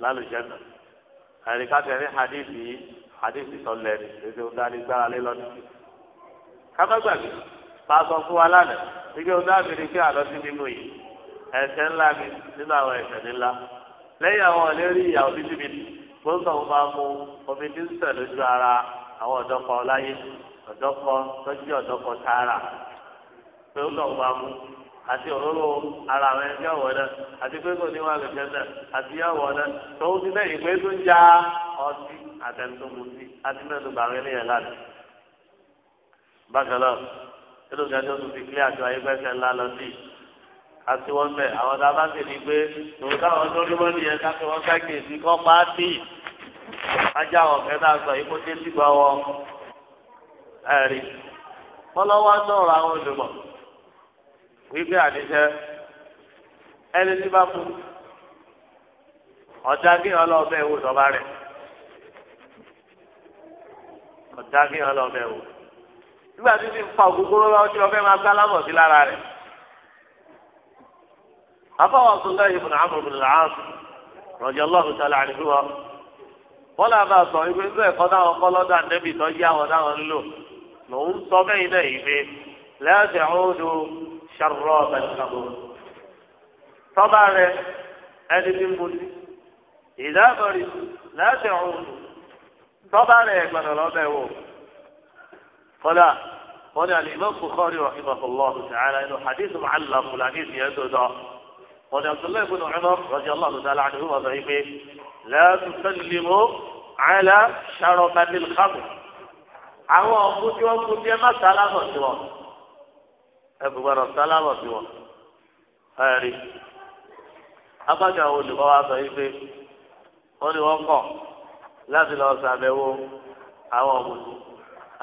lálùjẹ́nà àríkàtẹ̀ ní hadithi hadithi tó lẹ́ni ètò ìdánigbára lé lọ́dún. kábàgbàgbé bá sọ fún wa lánàá ibi ọdún àbẹ̀rẹ̀ kí àlọ́ sí nínú yìí ẹ̀ṣẹ̀ ńlá mi nínú àwọn ẹ̀ṣẹ̀ ńlá lẹ́yìn àwọn ọ̀lẹ́rì ìyàwó bíbí mi gbọ́dọ̀ mo máa mu omi tí ń sẹ̀ lójú ara àwọn ọ̀dọ́kọ láyé ọ̀dọ́kọ tọ́jú ọ̀dọ́kọ tààrà pé ó lọ́ọ̀ máa mu àti òróró ara rẹ̀ ẹgbẹ́ ọ̀wọ́ náà àti pé kò ní wà lẹ́gbẹ́ náà àti yàwọ̀ náà tòun ti lẹ́yìn pé tó ń ja ọtí àtẹnudọ́mùtì àti mẹ́tò bàrẹ́lẹ́yìn láti. bákan náà kíló ga tó tún fi kílẹ̀ àjọ ayégbẹ́sẹ̀ ńlá lọ sí àti wọn bẹ àwọn tá a bá sì ní pé lòun táwọn tó dúró nìyẹn káfí wọn káàkiri kọ́ pàtì ajá ọ̀fẹ́ náà sọ ikú tí sì gbọ́ wọn ẹ̀rí fọlọ́wọ́ sọ̀rọ̀ àwọn olùmọ̀ wípé àdìsẹ́ ẹni tí bá fún ọ̀dà kí ọlọ́ọ̀bẹ wò sọ́ba rẹ̀ ọ̀dà kí ọlọ́ọ̀bẹ wò. nígbà tí ti ń fa ògógóró lọ́wọ́ tí wọ́n máa sálámọ̀ sí lára rẹ̀. afọwọ́ abdullahi ibn amr ibn al-aas radiyallahu ta'ala anhu wọ́n bá sọ ìgbé ní ẹ̀kọ́ táwọn kọ́ lọ́dọ̀ àdébì tó yá wọn táwọn ń lò lòun sọ náà yìí rẹ ẹni tí ń kọ́dà wọ́n ní alimọ́ Bukhari rahimahullahu ta'ala inú hadith muhala fulani ti yẹn dodò wọ́n ní abdullahi bin Umar radiyallahu ta'ala anhu wa sọ pé la tusallimu ala sharabatil khamr àwọn ọ̀kú tí wọ́n kú bí ẹ má sálámọ̀ sí wọn ẹ gbọ́dọ̀ sálámọ̀ sí wọn ẹ̀rí abájọ àwọn olùkọ́ wa sọ yìí pé wọ́n ní wọ́n kọ̀ láti lọ sàbẹ̀wò àwọn ọ̀mùtí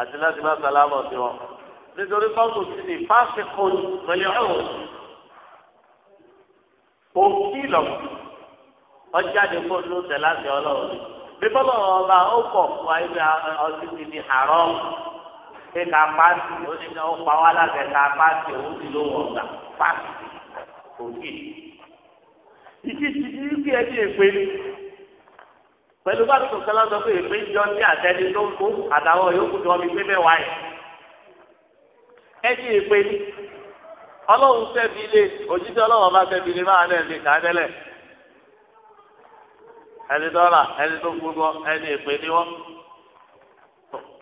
àti láti má sàlámọ̀ sí wọn nítorí kọ́ńtò sí ni fásitì pẹ̀lú ọ̀hún òkú ìlọ̀ ọjáde kó ló tẹ̀ láti ọlọ́run bí bọ́lá ọba ó kọ̀ fún wa ibi ọtí ti di àárọ̀ pé ká pàṣẹ ó ní ó pa wá láti ká pàṣẹ òun sì ló wọ̀ gbà pàṣẹ òkú ìdí ti di wípé ẹni èpè ni pẹ̀lú bá tuntun kan lọ́sọ pé èmi ń jọ ní àtẹni tó ń kó àtàwọn yòókù tó ọmọ ìpín mẹ́wàá yẹn. ẹ kí ni pé ní ọlọ́run fẹ́bi ilé òjíṣẹ́ ọlọ́run bá fẹ́bi ilé máa náà lè kà á tẹ́lẹ̀. ẹni dọ́là ẹni tó gbogbo ẹni ìpè ní wọ́n.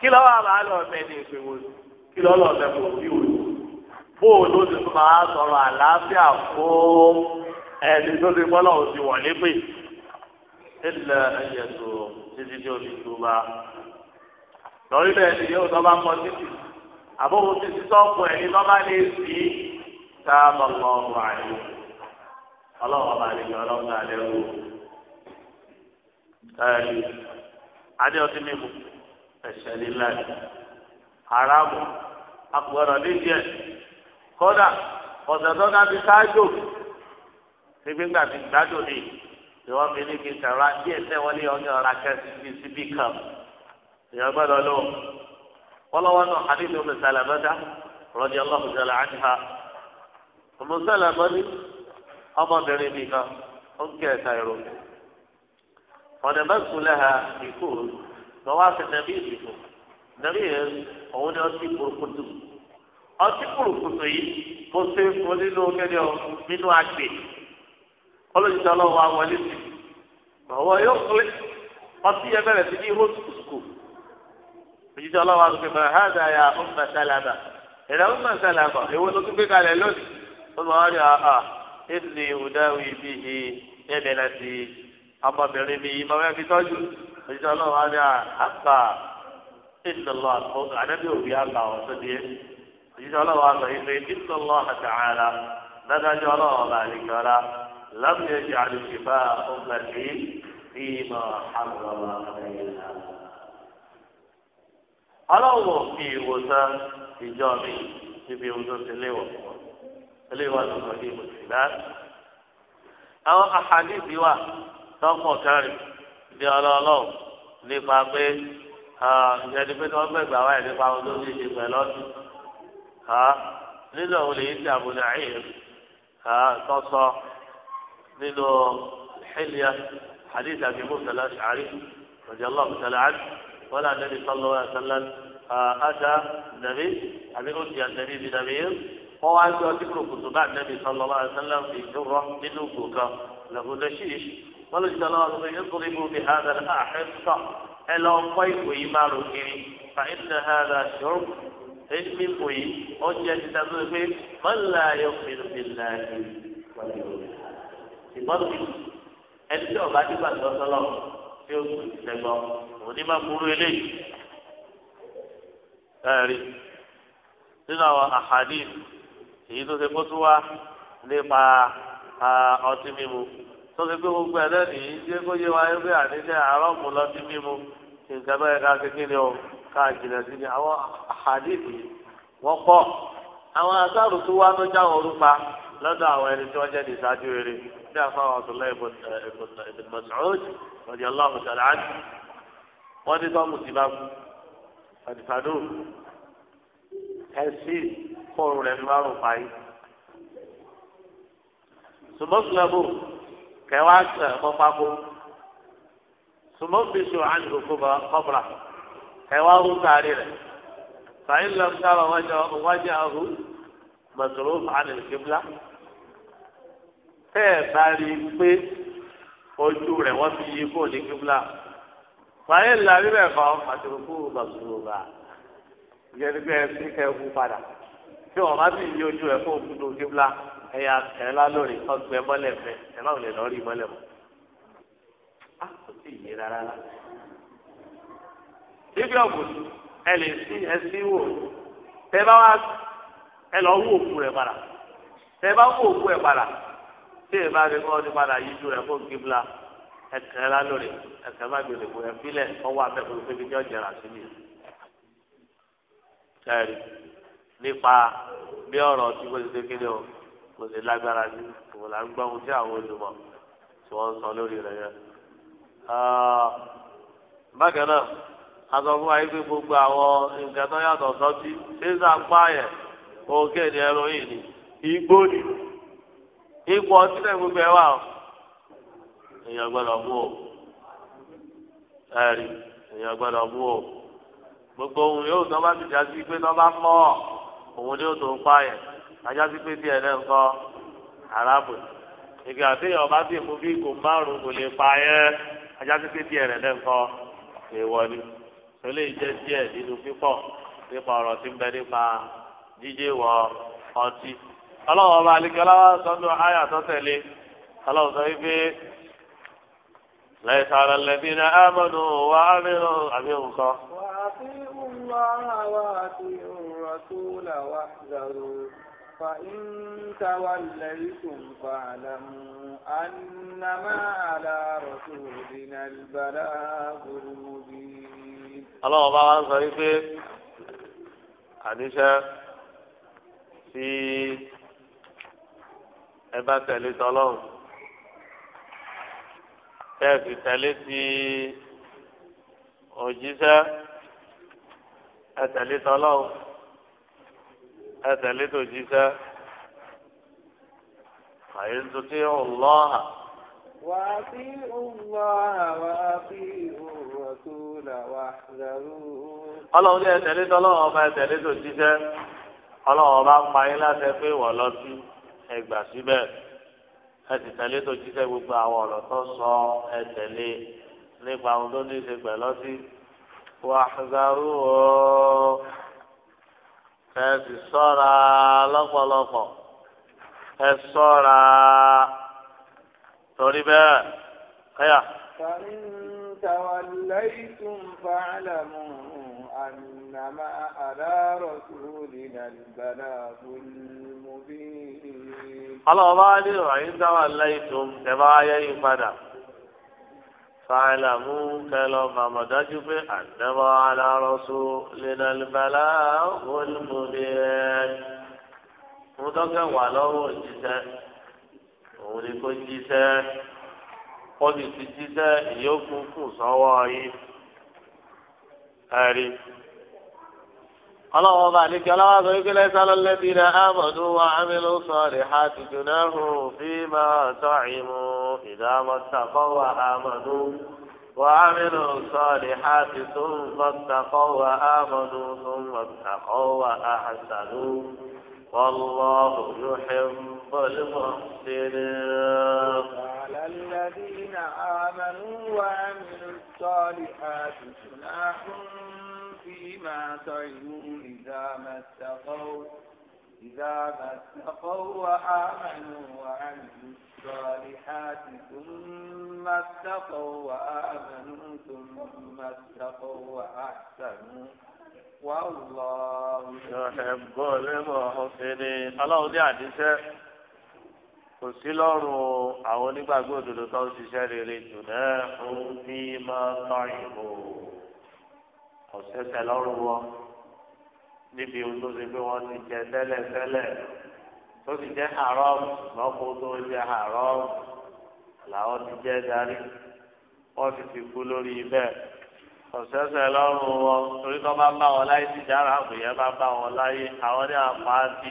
kí lọ́wọ́ àbá lọ ọ̀fẹ́ ní ìpè wò ni kí lọ́wọ́ lọ ọ̀fẹ́ kò sí òní. bóòlù ó ti tún máa sọ̀rọ̀ àlàáfíà fún ẹni tó ti gbọ́ ilẹ̀ ẹ̀yẹ títí tí o ti tó bá lọ́rílẹ̀ èdè yóò bá kọ títì àbúrò títí sọ́ọ̀kù ẹ̀ ní bábá lè sí sáàbà lọ́ọ̀rù àyè ọlọ́wọ́ bá lè yọ ọlọ́gbà lẹ́rù adé ọtí mímu ẹ̀ṣẹ̀ líla ẹ̀ haramu akùgbọ́dọ̀ níbi ẹ̀ kódà ọ̀sẹ̀ tó gbádùn ni. ìwọ mi ní kí n kàrọ àti ẹsẹ wọlé ọjọ́ na akẹ́sìkì síbí kan ìyá gbọ́dọ̀ lò wọlọwọ náà àdínní omi sàlámẹta rọdí ọlọ́pàá sàlá àdìhà ọmọ sàlámẹni ọmọbìnrin mi kan ó ń kí ẹsà ìrò ọ̀nà mẹ́sùn lẹ́hà ìkó lọ wá sí nàbí ìdìbò nàbí yẹn òun ni ọtí kùrùkùtù ọtí kurukutu yìí mo ṣe fún nínú kẹ́ni ọlọ́yìn ọlọ́wọ́ wa wọlé sí ọwọ́ yóò kúlẹ̀ ọtí yẹn bẹ̀rẹ̀ sí ní ihò sùkùsùkù òjijì ọlọ́wọ́ àti pẹ̀lú ẹ̀hádà ya ọmọ sálàbà ẹ̀dá ọmọ sálàbà èwo ló tún gbé kalẹ̀ lónìí ọmọ wọn yà á ẹ̀dínlẹ̀ ìhùdáwì bí i ẹ̀bẹ̀ náà ti ọmọbìnrin mi yìí mọ̀mọ́ fi tọ́jú òjijì ọlọ́wọ́ àti ọlọ́wọ́ àti ìdìlọ́ لم يجعل شفاء أمتي فيما حرم عليها ọlọ́wọ́ fi ìwòsàn ìjọ mi níbi ìwòsàn ti léwọ̀ léwọ̀ lọ́sọ̀ ní ìwòsàn náà. àwọn àhàdìsí wà tọ́pọ̀ kẹrin ní ọlọ́ọ̀lọ́ọ̀ nípa pé ìjẹ́ni pé wọ́n gbẹ̀gbẹ̀ àwọn ẹ̀ nípa ohun tó ti ṣe pẹ̀lú ọdún. nínú òun lè yí sí àbúlé àyè tó sọ nínú xilya xadìsí àbí musa lásàárì rọjò allah musala cad wala nabi sallallahu alayhi wa sallam ata nabi àbí oṣiya nabi bi nabiir wọn wá gbé ọtí kúrò kùtù bá nabi sallallahu alayhi wa sallam fi jùrọ nínú gòkà lahu nashish wọn lè jẹ lọ́wọ́ pé nítorí mo fi hàn án àhẹ́ sọ ẹ lọ kọ́ ìwé yìí máa rò kiri fa iná hàn án ṣùgbọ́n èyí mi kò yí ọjọ́ ìdájọ́ pé mọ́lá yóò fi lè láàyè wáyé ìmọ̀lù ẹni tí ọba nígbà tó sọlọ tí ó gbé ìṣẹ́gbọ́ òun ní máa burú eléyìí ẹ̀rí nínú àwọn àhàdí èyí tó ṣe kó tó wá nípa ọtí mímu tó ṣe pé gbogbo ẹ̀ lẹ́nu yìí ṣé kó yé wa ẹgbẹ́ àníjẹ́ àárọ̀mù lọ́tí mímu nǹkan tó yẹ ká ṣe kí ni o ká jìnà sí ni àwọn àhàdí yìí wọ́n pọ̀ àwọn asáàrù tó wá tó jáwọ́ orúpa lọ́dọ̀ àwọn ẹni tí wọ́n jẹ́ nìṣáájú rere bí afáwọn abdullahi ibn Mas'ud radiyallahu ta'ala anhu wọ́n ní tọ́mù ti bá mu àdìfàdù ẹ̀sì kóòrò rẹ̀ fi márùn fàáyì. sùmọ́sùlẹ́bù kẹwàá sẹ̀ mọ́pákó sùmọ́sùlẹ́sù àdìgbò kọ́bùrà kẹwàá rú sáré rẹ̀ fàáyì lọ́sàrọ̀ wájà ọ̀hún mọ̀sùlùmí àdìgbò kíbla tẹ́ ẹ̀ bá rí i pé ojú rẹ̀ wọ́n fi yí kó ní kíbla fàyè ńlá bíbẹ̀ kọ́ àtìkú bàbùrùbà gẹ́gẹ́ sí kẹ́kù padà tí wọ́n bá sì yí ojú rẹ̀ fún òkúta kíbla ẹ̀yà ẹ̀rẹ́lá lórí ọgbẹ́ mọ́lẹ̀ fẹ́ ẹ̀ máa lè lọ rí mọ́lẹ̀ mọ́ a kò sí ìyè rárá rárá ibi ọ̀gùn ẹ lè sí ẹsí wò tẹ́ bá wá ẹ lọ wú òkú rẹ̀ padà tẹ́ bá wú òkú rẹ̀ padà tí èyí bá rí kọ́ ọdún padà yíjú rẹ̀ fún kíbla ẹ̀kẹ́ lálórí ẹ̀kẹ́ má gbèrè kó ẹ̀fílẹ̀ ọwọ́ abẹ́kùn pébi tí ọ̀jẹ̀rà sí mi. kẹ́rì nípa bí ọ̀rọ̀ tí mo ti dé kéde o mo ti lágbára ní mo là ń gbọ́ ohun tí àwọn olùmọ̀ tí wọ́n ń sọ lórí rẹ̀ yẹn. Ah, bákan náà a sọ fún wa yìí pé gbogbo àwọn nǹkan tó yàtọ̀ sọ́tí ṣé sàpá yẹn òkè ni ẹrọ ipò ọtí náà gbogbo ẹ wà o èèyàn gbọ́dọ̀ mú o ẹrí èèyàn gbọ́dọ̀ mú o gbogbo ohun yóò tó bá ti dá sí pé tó bá mọ òun ni ó tó ń pa yẹn ajá sí pé díẹ̀ náà ń kọ arábò ìgbà téèyàn bá sì mú bí kò márùn kò lè pa yẹn ajá sí pé díẹ̀ náà ń kọ èèwọ̀ ni tẹlẹ díẹ̀ nínú pípọ̀ nípa ọ̀rọ̀ tí ń bẹ nípa jíjẹ wọ ọtí ọlọ́wọ́ ọba alikẹ́lá wa sọ́dún ayà tó tẹ̀lé ọlọ́wọ́ sọ wípé lẹ́yìn sọ̀rọ̀ lẹ́bí ní amọ̀nù wà á mìíràn àbí òǹkọ. wà á fi wúwa wá àti òǹrọ̀ tó là wá dàrú fa ìńtà wà lẹ́yìn tó ń fa àdàmú ànàmá àdàrọ̀ tó dínà ìbàdà gbòmùbí. ọlọ́wọ́ ọba wa sọ wípé àníṣe sí ẹ bá tẹ̀lé tọ́lọ́hùn tẹ́ẹ̀sì tẹ̀lé ti òjíṣẹ́ ẹ tẹ̀lé tọ́lọ́hùn ẹ tẹ̀lé tòjíṣẹ́ àyè ń tuntun ọlọ́hà. وأطيعوا الله وأطيعوا الرسول واحذروه ọlọ́run ní ẹ̀tẹ̀lé tọ́lọ́run ọba ẹ̀tẹ̀lé tó jíṣẹ́ ọlọ́run ọba ń pa yín láṣẹ pé wọ́n lọ sí ẹgbà síbẹ̀ ẹ sì tẹ̀lé tó jíṣẹ́ gbogbo àwọn ọ̀rọ̀ tó sọ ẹ tẹ̀lé nípa ohun tó ní í ṣe pẹ̀lọ́ sí wàhálàrú o ẹ sì sọ́ra lọ́pọ̀lọpọ̀ ẹ sọ́ra torí bẹ́ẹ̀ kẹ́yà. فإن توليتم فاعلموا أنما على رسولنا ọlọ́wọ́ bá ní ìròyìn dáwà láìtòm tẹ̀bá ayé yìí padà fàlà mú kẹlọ màmá dájú pé àdẹ́bọ̀ alárọ́sọ lẹ́nàlùbálà olùmọ̀lẹ́ mú tọ́kẹ́ wà lọ́wọ́ òjíṣẹ́ òun ni kò jíṣẹ́ pọ́lì jíṣẹ́ ìyókù sọ́wọ́ yìí ẹ̀rí ọlọ́wọ́ bá lè kí ọlọ́wọ́ sọ wípé lẹ́sàlọ́ lẹ́bí rẹ̀ ámọ̀dún wa ámìlú sọ̀rọ̀ ha ti dùnà hù bí máa tọ́ ìmú ìdámọ̀ tàkọ́ wa ámọ̀dún wa ámìlú sọ̀rọ̀ ha tún mọ̀ wa ámọ̀dún tún mọ̀ tàkọ́ wa àhàsàlú wàlláhu yuhibbu al-muhsinin. على الذين آمنوا وعملوا الصالحات جناح فيما سعدوا إذا ما استقوا إذا ما استقوا وآمنوا وعملوا الصالحات ثم استقوا وآمنوا ثم استقوا وأحسنوا والله يحب المحسنين الله دي عدسة kò sí lọ́rùn àwọn onígbàgbọ́ òdodo tó ń ṣiṣẹ́ rere jù náà ó bí máa tọ́ ìbò ọ̀sẹ̀sẹ̀ lọ́rùn wọn níbi ohun tó ṣe pé wọ́n ti jẹ tẹ́lẹ̀tẹ́lẹ̀ tó ti jẹ́ haram lọ́kọ́ tó jẹ́ haram làwọn ti jẹ́ darí wọ́n ti fi kú lórí bẹ́ẹ̀ ọ̀sẹ̀sẹ̀ lọ́rùn wọn torí tó bá bá wọn láyé ti dára àbùyẹ́ bá bá wọn láyé àwọn ní àpáàtì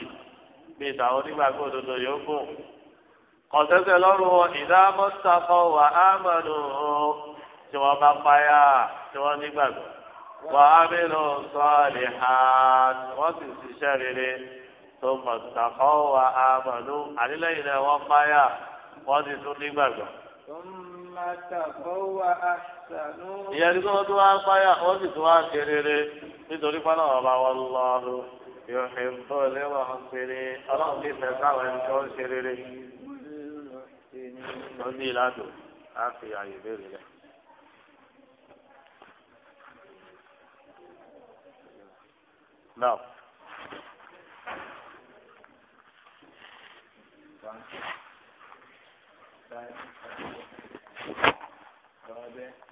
bí ìtàwọn onígbàgbọ́ òdodo yòókù ọ̀sẹ̀sẹ̀ lọ́rùn wọn ìdámọ́sàkọ wà ámàlù tí wọ́n bá páyà tí wọ́n nígbàgbọ́. وعملوا الصالحات وفي الشر ثم اتقوا وآمنوا علينا وقايا وفي سنة برضه ثم اتقوا وأحسنوا يرجو دعاء قايا وفي دعاء كريري nítorí pálọ̀ ọba wọn lọ́ọ́rù yóò fi ń bọ́ lẹ́wọ̀n ṣeré ọlọ́run ti fẹ́ sáwọn ẹni tó náà. Thank you.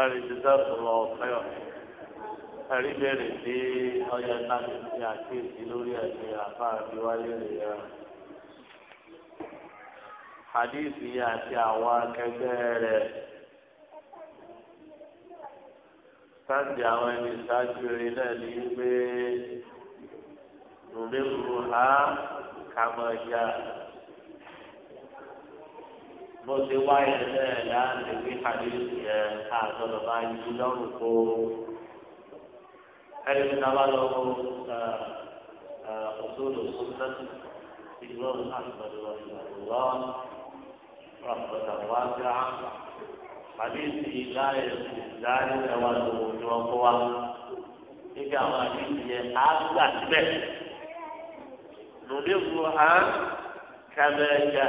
Ari jésù lọ fẹ́ràn. Ari bẹ̀rẹ̀ dé ọyọ náà ní àkéèsí lórí ẹ̀sìn àfáàbí wáyé rẹ̀ yá. Hadithi àti àwọn akẹgbẹ́ rẹ̀ sáàtì àwọn ẹni ìsáájú rẹ̀ náà ní pé Rùmí Rùhá kàmọ́ ya bó ṣe wáyé náà láàrin wí àdéhùn yẹn àtọ́lọ́ máa yí lọ́rùn kó ẹni tí a bá lọ kó òṣòlò sọ́nà ìlú ọ̀hún àgbàdo ìgbàlúwà rọ̀pọ̀tà wá sí àpá àdéhùn yìí láàyè ìdáyé ẹ̀wà lòun ni wọ́n kó wa níbi àwọn àdéhùn yẹn á gbà síbẹ̀ nùdíkù á kàmẹ́jà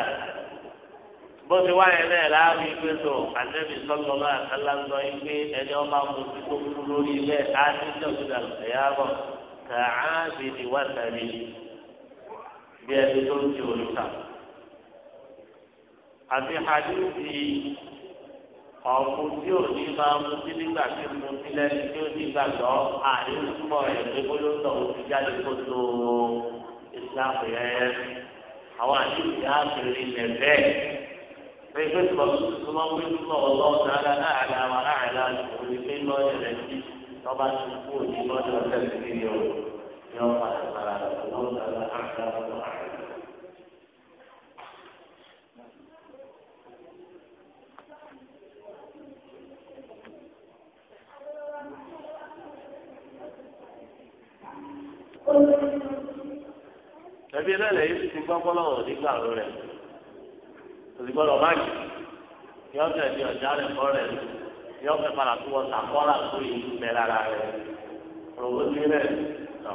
bó ti wáyé náà láàrin ìgbé tó àtẹ́bí sọ́kọ̀ bá àkàlà ń lọ ìgbé ẹni ọba mọ̀tò tó kú lórí ilẹ̀ á ti dọ̀gbìdà lọ́yàbọ̀ kà á bì ní wàtàrí bí ẹni tó ń ti òrùka. àti hadithi ọ̀pọ̀ tí ò ní máa mú sí nígbà tí mo ti lẹ́ni tí ó ní gbàgbọ́ àríwúmọ̀ ẹ̀ pé bólú ń lọ òfin jáde kó tó islam yẹn àwọn àdìsí àbẹ̀rẹ̀ ilẹ̀ bẹ́ẹ̀ bẹ́ẹ̀ bẹ́ẹ̀ tó tó máa ń gbé tó lọ́wọ́ lọ́wọ́ sára láàlá wa láàlá lòun ní pé lọ́ọ̀yẹ̀ rẹ̀ ti lọ́ba tó kú òní lọ́dọ̀ ọ̀sẹ̀ ti yọ yọ padà sára lọ́wọ́ sára láàlá lọ́wọ́ Thank you. ẹbí náà lẹ́yìn ti gbọ́ bọ́lọ́wọ́ nígbà rẹ̀ òsìgbọ́dọ̀ báyìí yọ ọ̀sẹ̀ di ọ̀jà rẹ̀ kọ́ rẹ̀ yọ ọ̀sẹ̀ padà tó wọ́n sàkọ́là tó yìí mẹ́ lára rẹ̀ òwò sí rẹ̀ nà.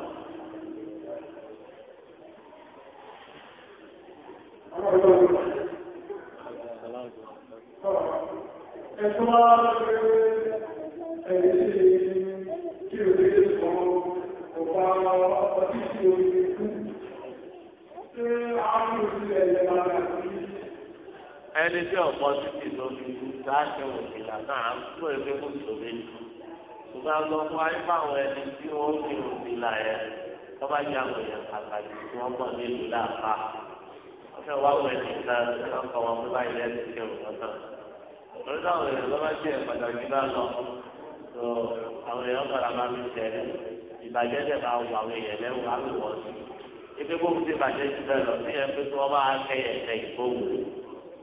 Thank you. ẹni tí ọ̀pọ̀ títì lómi láti wò sí lànà à ń pè é pé kò sóbi ní. ṣùgbọ́n lọ fún ayé fáwọn ẹni tí wọ́n fi wò sí là yẹn lọ́ba jẹ́ àwọn èèyàn pàtàkì tí wọ́n mọ̀ nílùú láàpá. wọ́n fẹ́ wọ ẹni kan lọ́n kọ́ wọn pé báyìí lẹ́sìn ṣe òun náà. lórí táwọn èèyàn lọ́ba jẹ́ pàtàkì bá lọ tó àwọn èèyàn padà máa fi tẹ̀lé ìbàjẹ́ dẹ̀ máa wọ àwọn èèyàn lẹ́wọ̀n á lù wọ́n sí. ibi gbóhùn ti bàjẹ́ jù bẹ́ẹ̀ lọ sí ẹ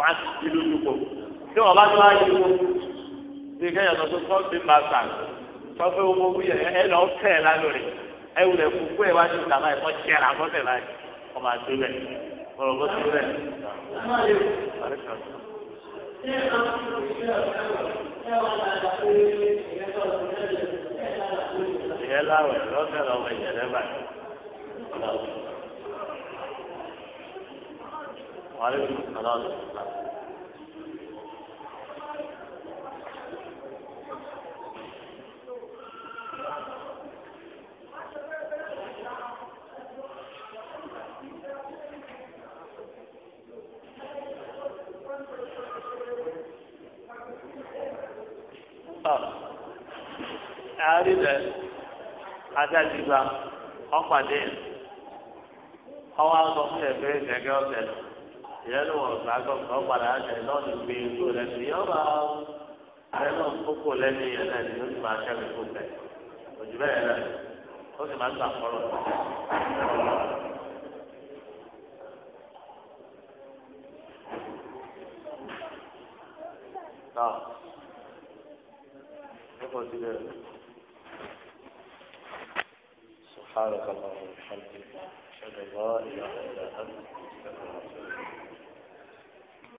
wà á ti lù dùkọ̀ tí wọ́n bá tó ayé wọn bí kẹ́yìn ọ̀dọ́ tó sọ́ọ̀tì máa sàn sọ́ọ̀tì owó wúyẹ ẹ lọ tẹ̀ lálórí ẹ wulẹ̀ kúkú ẹ wá ti dàgbà ẹ kọ́ tiẹ̀ làkọ́ tẹ̀ láyé ọmọ àti rẹ̀ ọ̀rọ̀ bó ti rẹ̀. Ṣé àwọn láwẹ̀ lọ́sẹ̀ lọ́wọ́ ìjẹ̀lẹ́bà. وعليكم السلام ah. àárín rẹ adájúgba ọpàdé ọwọ́ àwọn ọmọ ẹgbẹ́ ẹgbẹ́ ọ̀sẹ̀ ìyẹn ló wọ̀n gbàgbọ́ kan padà ẹ̀ lọ́ọ̀nù gbé egbò lẹ́nu yọ bá ọ ààrẹ náà kókó lẹ́nu yẹn náà ni ó sì máa ṣẹ́mi kó tẹ̀ òjò bẹ́ẹ̀ náà ó sì máa ń gbà fọ́lọ̀ tọ́ ó kọ́ sí bẹ́ẹ̀. سبحانك اللهم وبحمدك اشهد ان لا اله الا انت استغفرك